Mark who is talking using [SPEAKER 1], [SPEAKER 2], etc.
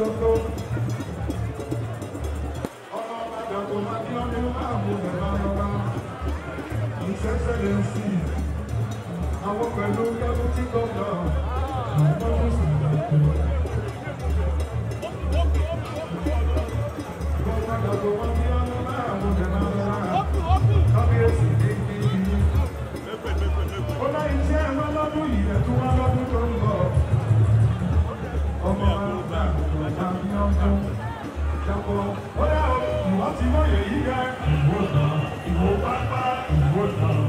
[SPEAKER 1] àjọkọ́. ọmọ Ìbàdàn kò máa bí ọdún máa mú bàbá bàbá. ìṣẹ́ṣẹ́ lè ń sí i. àwọn pẹ̀lú dẹ́kútì gọ́gà àgbọ̀dún sì dàgbò. ọmọ Ìbàdàn kò máa bí ọdún máa mú bàbá bàbá. kábíyèsí
[SPEAKER 2] ní
[SPEAKER 3] kí. ó láyé iṣẹ́ ẹ̀ máa lọ́dún yìí ẹ̀ tún wá lọ́dún. ìjàpọ̀ ó yà ó ìwọ́n ti wọ́n yẹ̀ yí gẹ́ ìwọ́n náà ìwọ́n pápá ìwọ́n náà.